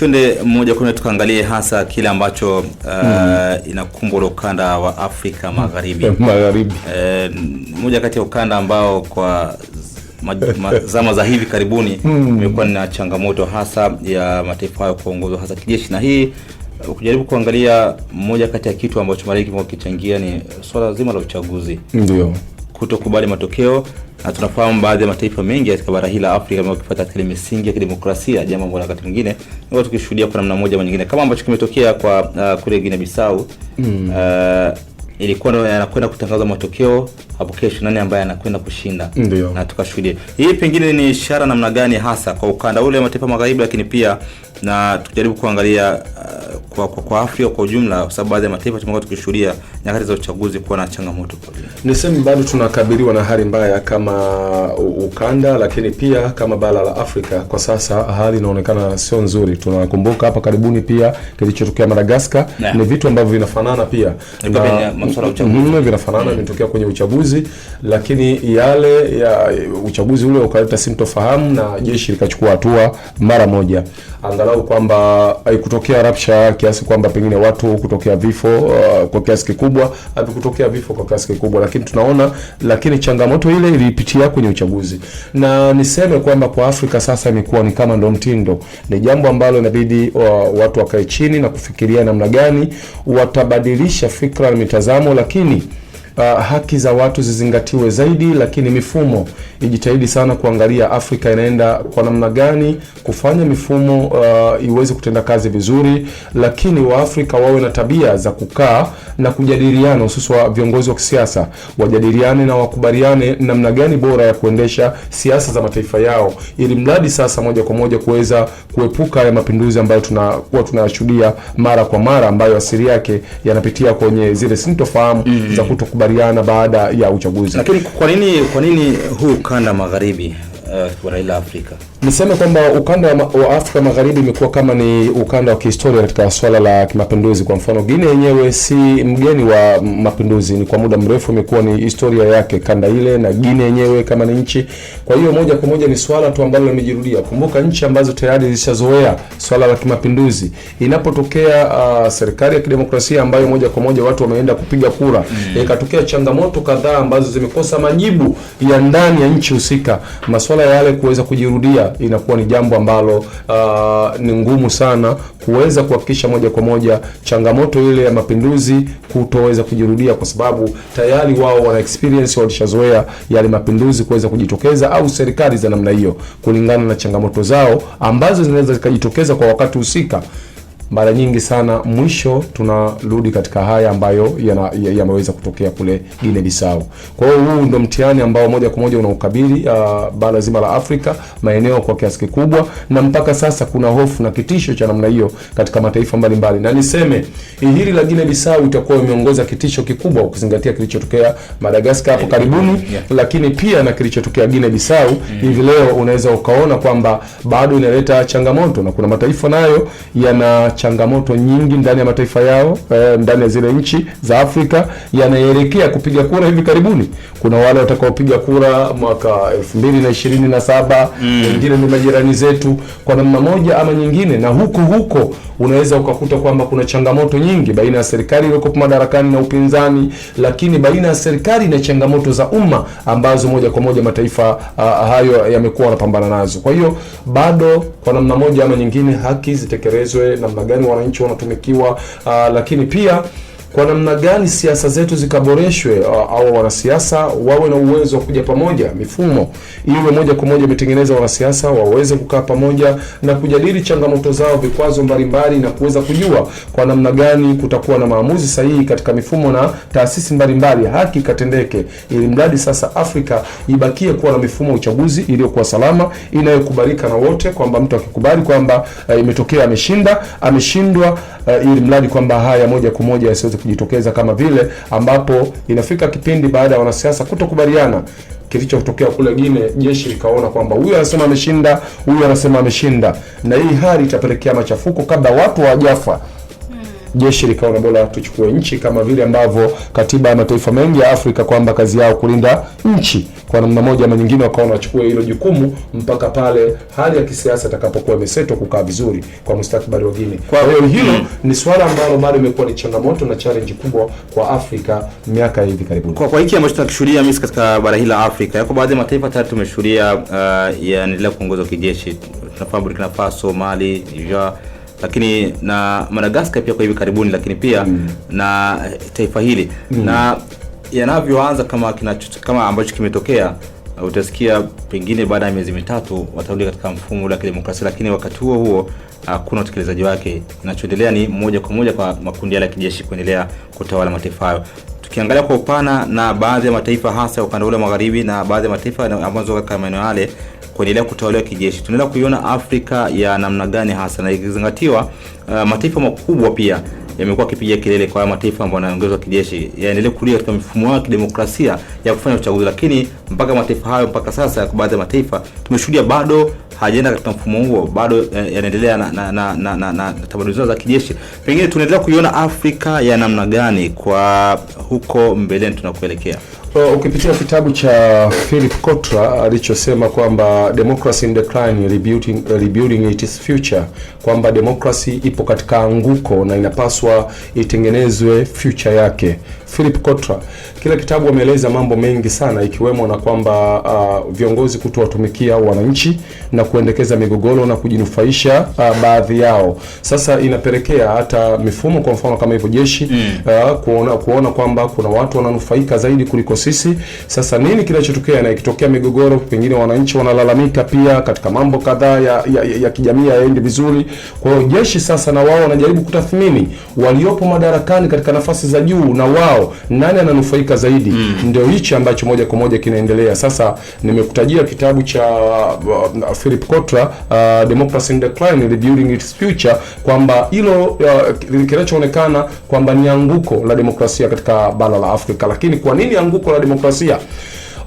Twende mmoja kwa moja tukaangalie hasa kile ambacho uh, mm. inakumbwa ukanda wa Afrika Magharibi Magharibi, mmoja eh, kati ya ukanda ambao kwa zama za hivi karibuni imekuwa hmm. mm. na changamoto hasa ya mataifa hayo kuongozwa hasa kijeshi, na hii ukijaribu kuangalia, mmoja kati ya kitu ambacho mara nyingi kichangia ni swala zima la uchaguzi, ndio kutokubali matokeo, na tunafahamu baadhi ya mataifa mengi katika bara hili la Afrika ambayo kifuata katika misingi ya kidemokrasia, jambo ambalo wakati mwingine ndio tukishuhudia kwa namna moja au nyingine, kama ambacho kimetokea kwa uh, kule Guinea Bissau mm. uh, ilikuwa anakwenda kutangaza matokeo hapo kesho, nani ambaye anakwenda kushinda Ndiyo. na tukashuhudia. Hii pengine ni ishara namna gani hasa kwa ukanda ule wa mataifa magharibi, lakini pia na tukijaribu kuangalia uh, kwa, kwa, kwa Afrika kwa ujumla, kwa sababu baadhi ya mataifa tumekuwa tukishuhudia nyakati za uchaguzi kuwa na changamoto. Ni sehemu bado tunakabiliwa na hali mbaya kama ukanda, lakini pia kama bara la Afrika kwa sasa hali inaonekana sio nzuri. Tunakumbuka hapa karibuni pia kilichotokea madagaskar ni vitu ambavyo vinafanana pia na, mm, vinafanana vimetokea mm, kwenye uchaguzi, lakini yale ya uchaguzi ule ukaleta simtofahamu na jeshi likachukua hatua mara moja, angalau kwamba haikutokea rapsha kiasi kwamba pengine watu kutokea vifo uh, kwa kiasi kikubwa havikutokea vifo kwa kiasi kikubwa, lakini tunaona, lakini changamoto ile ilipitia kwenye uchaguzi, na niseme kwamba kwa Afrika sasa imekuwa ni kama ndo mtindo, ni jambo ambalo inabidi uh, watu wakae chini na kufikiria namna gani watabadilisha fikra na mitazamo, lakini Uh, haki za watu zizingatiwe zaidi, lakini mifumo ijitahidi sana kuangalia Afrika inaenda kwa namna gani kufanya mifumo uh, iweze kutenda kazi vizuri, lakini Waafrika wawe na tabia za kukaa na kujadiliana, hususa viongozi wa kisiasa wajadiliane na wakubaliane namna gani bora ya kuendesha siasa za mataifa yao, ili mradi sasa moja kwa moja kuweza kuepuka ya mapinduzi ambayo tunakuwa tunayashuhudia mara kwa mara, ambayo asili yake yanapitia kwenye zile sintofahamu mm -hmm. za kutokubaliana baada ya uchaguzi. Lakini kwa nini kwa nini huu وكان مغربي آه، ورايلا افريكا Niseme kwamba ukanda wa Afrika Magharibi imekuwa kama ni ukanda wa kihistoria katika swala la kimapinduzi. Kwa mfano, Guinea yenyewe si mgeni wa mapinduzi, ni kwa muda mrefu imekuwa ni historia yake kanda ile na Guinea yenyewe kama ni nchi. Kwa hiyo moja kwa moja ni swala tu ambalo limejirudia. Kumbuka nchi ambazo tayari zishazoea swala la kimapinduzi, inapotokea uh, serikali ya kidemokrasia ambayo moja kwa moja watu wameenda kupiga kura, mm. ikatokea mm. e, changamoto kadhaa ambazo zimekosa majibu ya ndani ya nchi husika, masuala yale kuweza kujirudia inakuwa ni jambo ambalo uh, ni ngumu sana kuweza kuhakikisha moja kwa moja changamoto ile ya mapinduzi kutoweza kujirudia, kwa sababu tayari wao wana experience, walishazoea yale mapinduzi kuweza kujitokeza, au serikali za namna hiyo, kulingana na changamoto zao ambazo zinaweza zikajitokeza kwa wakati husika mara nyingi sana mwisho tunarudi katika haya ambayo yameweza ya, ya kutokea kule Guinea Bissau. Kwa hiyo huu ndo mtihani ambao moja kwa moja unaukabili uh, bara zima la Afrika maeneo kwa kiasi kikubwa, na mpaka sasa kuna hofu na kitisho cha namna hiyo katika mataifa mbalimbali mbali. Na niseme hili la Guinea Bissau itakuwa imeongoza kitisho kikubwa ukizingatia kilichotokea Madagascar hapo karibuni, yeah. lakini pia na kilichotokea Guinea Bissau mm. hivi leo, unaweza ukaona kwamba bado inaleta changamoto na kuna mataifa nayo yana changamoto nyingi ndani ya mataifa yao eh, ndani ya zile nchi za Afrika yanaelekea kupiga kura hivi karibuni. Kuna wale watakaopiga kura mwaka 2027 mm. wengine mm. ni majirani zetu kwa namna moja ama nyingine, na huko huko unaweza ukakuta kwamba kuna changamoto nyingi baina ya serikali iliyoko madarakani na upinzani, lakini baina ya serikali na changamoto za umma ambazo moja kwa moja mataifa uh, hayo yamekuwa wanapambana nazo. Kwa hiyo bado kwa namna moja ama nyingine haki zitekelezwe namna gani wananchi wanatumikiwa, uh, lakini pia kwa namna gani siasa zetu zikaboreshwe, au wanasiasa wawe na uwezo wa kuja pamoja, mifumo iwe moja kwa moja imetengeneza wanasiasa waweze kukaa pamoja na kujadili changamoto zao, vikwazo mbalimbali, na kuweza kujua kwa namna gani kutakuwa na maamuzi sahihi katika mifumo na taasisi mbalimbali, haki ikatendeke, ili mradi sasa Afrika ibakie kuwa na mifumo ya uchaguzi iliyokuwa salama, inayokubalika na wote, kwamba mtu akikubali kwamba imetokea ameshinda, ameshindwa, ili mradi kwamba haya moja kwa moja yasiweze kujitokeza kama vile ambapo inafika kipindi baada ya wanasiasa kutokubaliana kilichotokea kule Gine, jeshi likaona kwamba huyu anasema ameshinda, huyu anasema ameshinda, na hii hali itapelekea machafuko kabla watu hawajafa. Jeshi likaona bora tuchukue nchi, kama vile ambavyo katiba ya mataifa mengi ya Afrika kwamba kazi yao kulinda nchi kwa namna moja ama nyingine wakawa wanachukua hilo jukumu mpaka pale hali ya kisiasa itakapokuwa imesetwa kukaa vizuri kwa mustakabali wa Guinea. Kwa hiyo hilo mm, ni swala ambalo bado imekuwa ni changamoto na challenge kubwa kwa Afrika miaka hivi karibuni. Kwa, kwa hiki ambacho tunakishuhudia mimi katika bara hili la Afrika, yako baadhi ya mataifa tayari tumeshuhudia uh, yanaendelea kuongozwa kijeshi. Tunafahamu Burkina Faso, Mali, Niger lakini na Madagascar pia kwa hivi karibuni, lakini pia mm, na taifa hili mm, na yanavyoanza kama, kama ambacho kimetokea utasikia pengine baada ya miezi mitatu watarudi katika mfumo ule wa kidemokrasia, lakini wakati huo huo hakuna utekelezaji wake. Kinachoendelea ni moja kwa moja kwa makundi yale ya kijeshi kuendelea kutawala mataifa hayo. Tukiangalia kwa upana na baadhi ya mataifa hasa ukanda ule magharibi na baadhi ya mataifa ambazo katika maeneo yale kuendelea kutawaliwa kijeshi, tunaenda kuiona Afrika ya namna gani hasa na ikizingatiwa uh, mataifa makubwa pia yamekuwa akipiga kelele kwa mataifa ambayo yanaongezwa kijeshi yaendelee kulia katika mfumo wa kidemokrasia ya kufanya uchaguzi, lakini mpaka mataifa hayo mpaka sasa, kwa baadhi ya mataifa tumeshuhudia bado hajaenda katika mfumo huo, bado eh, yanaendelea na, na, na, na, na, na tamaduni zao za kijeshi. Pengine tunaendelea kuiona Afrika ya namna gani kwa huko mbeleni tunakuelekea? So, ukipitia kitabu cha Philip Kotler alichosema kwamba democracy in decline rebuilding, rebuilding its future, kwamba demokrasi ipo katika anguko na inapaswa itengenezwe future yake. Philip Kotler, kile kitabu ameeleza mambo mengi sana, ikiwemo na kwamba uh, viongozi kutowatumikia wananchi na kuendekeza migogoro na kujinufaisha uh, baadhi yao. Sasa inapelekea hata mifumo, kwa mfano kama hivyo jeshi mm. uh, kuona, kuona kwamba kuna watu wananufaika zaidi kuliko sisi. Sasa nini kinachotokea? Na ikitokea migogoro, pengine wananchi wanalalamika pia katika mambo kadhaa ya, ya, ya kijamii hayaendi vizuri. Kwa hiyo jeshi sasa na wao wanajaribu kutathmini waliopo madarakani katika nafasi za juu, na wao nani ananufaika zaidi. Mm. Ndio hichi ambacho moja kwa moja kinaendelea sasa. Nimekutajia kitabu cha uh, Philip Kotler uh, Democracy in Decline Rebuilding Its Future kwamba hilo uh, kinachoonekana kwamba ni anguko la demokrasia katika bara la Afrika, lakini kwa nini anguko soko la demokrasia.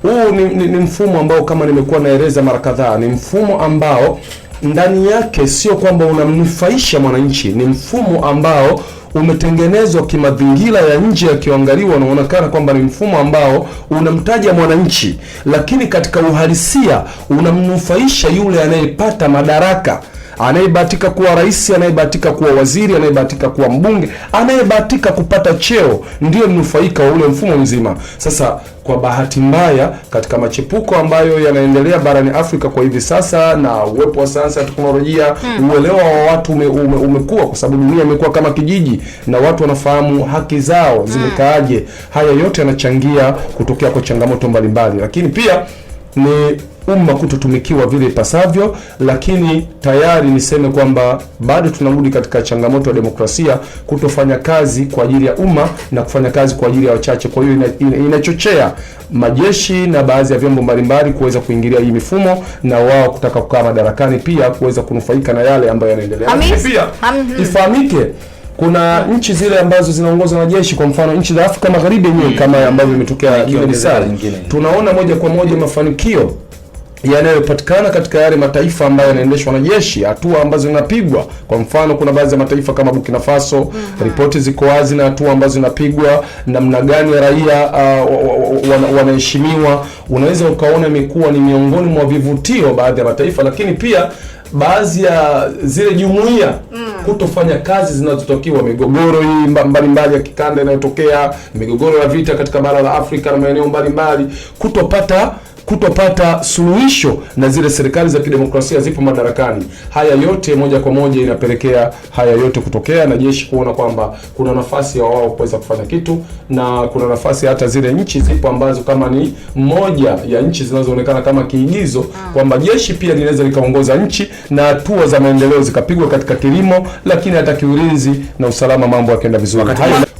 Huu ni, ni, ni mfumo ambao kama nimekuwa naeleza mara kadhaa, ni mfumo ambao ndani yake sio kwamba unamnufaisha mwananchi, ni mfumo ambao umetengenezwa kimazingira ya nje yakiangaliwa, unaonekana kwamba ni mfumo ambao unamtaja mwananchi, lakini katika uhalisia unamnufaisha yule anayepata madaraka anayebahatika kuwa rais, anayebahatika kuwa waziri, anayebahatika kuwa mbunge, anayebahatika kupata cheo ndiyo mnufaika wa ule mfumo mzima. Sasa kwa bahati mbaya, katika machepuko ambayo yanaendelea barani Afrika kwa hivi sasa na uwepo wa sayansi ya teknolojia hmm, uelewa wa watu ume, ume, umekuwa kwa sababu dunia imekuwa kama kijiji na watu wanafahamu haki zao hmm. zimekaaje. haya yote yanachangia kutokea kwa changamoto mbalimbali, lakini pia ni umma kutotumikiwa vile ipasavyo, lakini tayari niseme kwamba bado tunarudi katika changamoto ya demokrasia kutofanya kazi kwa ajili ya umma na kufanya kazi kwa ajili ya wachache. Kwa hiyo ina, ina, majeshi na baadhi ya vyombo mbalimbali kuweza kuingilia hii mifumo na wao kutaka kukaa madarakani pia kuweza kunufaika na yale ambayo yanaendelea. Pia hmm. ifahamike kuna nchi zile ambazo zinaongozwa na jeshi, kwa mfano nchi za Afrika Magharibi yenyewe, hmm. kama ambavyo imetokea Guinea Bissau, tunaona moja kwa moja mafanikio yanayopatikana katika yale mataifa ambayo yanaendeshwa na jeshi, hatua ambazo zinapigwa. Kwa mfano, kuna baadhi ya mataifa kama Burkina Faso mm -hmm. Ripoti ziko wazi na hatua ambazo zinapigwa, namna gani raia uh, wanaheshimiwa. unaweza ukaona imekuwa ni miongoni mwa vivutio baadhi ya mataifa, lakini pia baadhi ya zile jumuiya mm. kutofanya kazi zinazotakiwa. Migogoro hii mbalimbali ya kikanda inayotokea, migogoro ya vita katika bara la Afrika na maeneo mbalimbali, kutopata kutopata suluhisho na zile serikali za kidemokrasia zipo madarakani. Haya yote moja kwa moja inapelekea haya yote kutokea na jeshi kuona kwamba kuna nafasi ya wao kuweza kufanya kitu, na kuna nafasi hata zile nchi zipo ambazo kama ni moja ya nchi zinazoonekana kama kiigizo ah. kwamba jeshi pia linaweza likaongoza nchi na hatua za maendeleo zikapigwa katika kilimo, lakini hata kiulinzi na usalama mambo yakaenda vizuri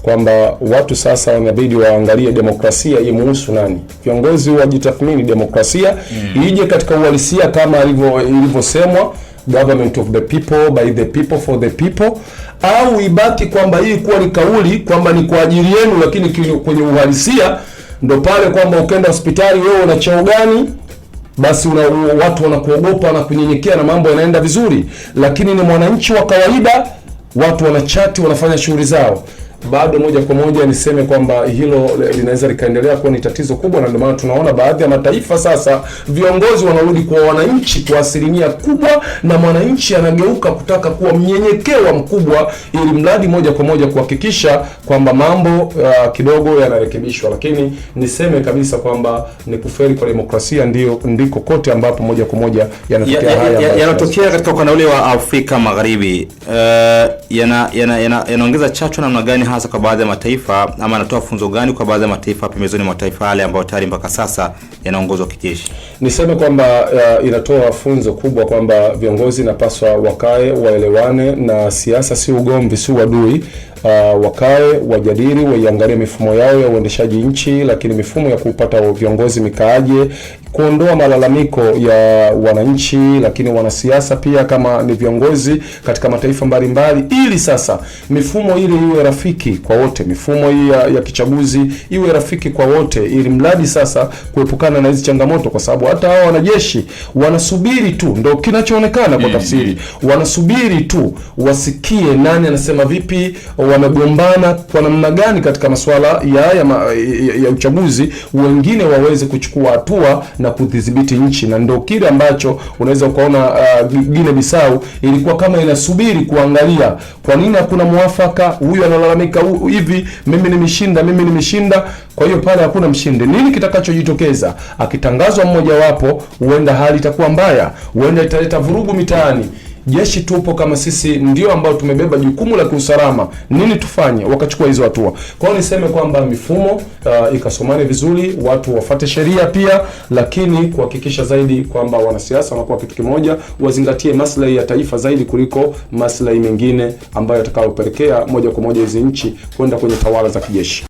kwamba watu sasa wanabidi waangalie demokrasia imuhusu nani, viongozi wajitathmini demokrasia mm. ije katika uhalisia kama ilivyosemwa government of the people by the people for the people, au ibaki kwamba hii kuwa ni kauli kwamba ni kwa ajili yenu, lakini kwenye uhalisia ndo pale kwamba ukenda hospitali wewe una cheo gani, basi una, watu wanakuogopa wanakunyenyekea na mambo yanaenda vizuri, lakini ni mwananchi wa kawaida, watu wanachati wanafanya shughuli zao bado moja kwa moja niseme kwamba hilo linaweza likaendelea kuwa ni tatizo kubwa, na ndio maana tunaona baadhi ya mataifa sasa viongozi wanarudi kwa wananchi kwa asilimia kubwa, na mwananchi anageuka kutaka kuwa mnyenyekewa mkubwa, ili mradi moja kwa moja kuhakikisha kwamba mambo uh, kidogo yanarekebishwa. Lakini niseme kabisa kwamba ni kufeli kwa demokrasia ndio ndiko kote ambapo moja kwa moja yanatokea ya, haya yanatokea ya katika ukanda ule wa Afrika Magharibi. Uh, yanaongeza yana, yana, yana chachu namna gani? hasa kwa baadhi ya mataifa ama anatoa funzo gani kwa baadhi ya mataifa pembezoni mwa taifa yale ambayo tayari mpaka sasa yanaongozwa kijeshi? Niseme kwamba uh, inatoa funzo kubwa kwamba viongozi inapaswa wakae waelewane, na siasa si ugomvi, si uadui uh, wakae wajadili, waiangalie mifumo yao ya uendeshaji nchi, lakini mifumo ya kupata viongozi mikaaje, kuondoa malalamiko ya wananchi, lakini wanasiasa pia kama ni viongozi katika mataifa mbalimbali, ili sasa mifumo ile iwe rafiki kwa wote, mifumo hii ya, ya kichaguzi iwe rafiki kwa wote, ili mradi sasa kuepukana na hizi changamoto, kwa sababu hata hao wanajeshi wanasubiri tu, ndo kinachoonekana kwa mm-hmm. tafsiri, wanasubiri tu wasikie nani anasema vipi wamegombana kwa namna gani katika masuala ya, ya, ya, ya uchaguzi, wengine waweze kuchukua hatua na kudhibiti nchi, na ndio kile ambacho unaweza ukaona uh, Guinea Bissau ilikuwa kama inasubiri kuangalia kwa nini hakuna mwafaka, huyu analalamika hivi, mimi nimeshinda, mimi nimeshinda. Kwa hiyo pale hakuna mshindi, nini kitakachojitokeza? Akitangazwa mmojawapo, huenda hali itakuwa mbaya, huenda italeta vurugu mitaani jeshi tupo kama sisi ndio ambao tumebeba jukumu la kiusalama, nini tufanye? Wakachukua hizo hatua. Kwa hiyo niseme kwamba mifumo uh, ikasomane vizuri, watu wafate sheria pia, lakini kuhakikisha zaidi kwamba wanasiasa wanakuwa kitu kimoja, wazingatie maslahi ya taifa zaidi kuliko maslahi mengine ambayo yatakayopelekea moja kwa moja hizi nchi kwenda kwenye tawala za kijeshi.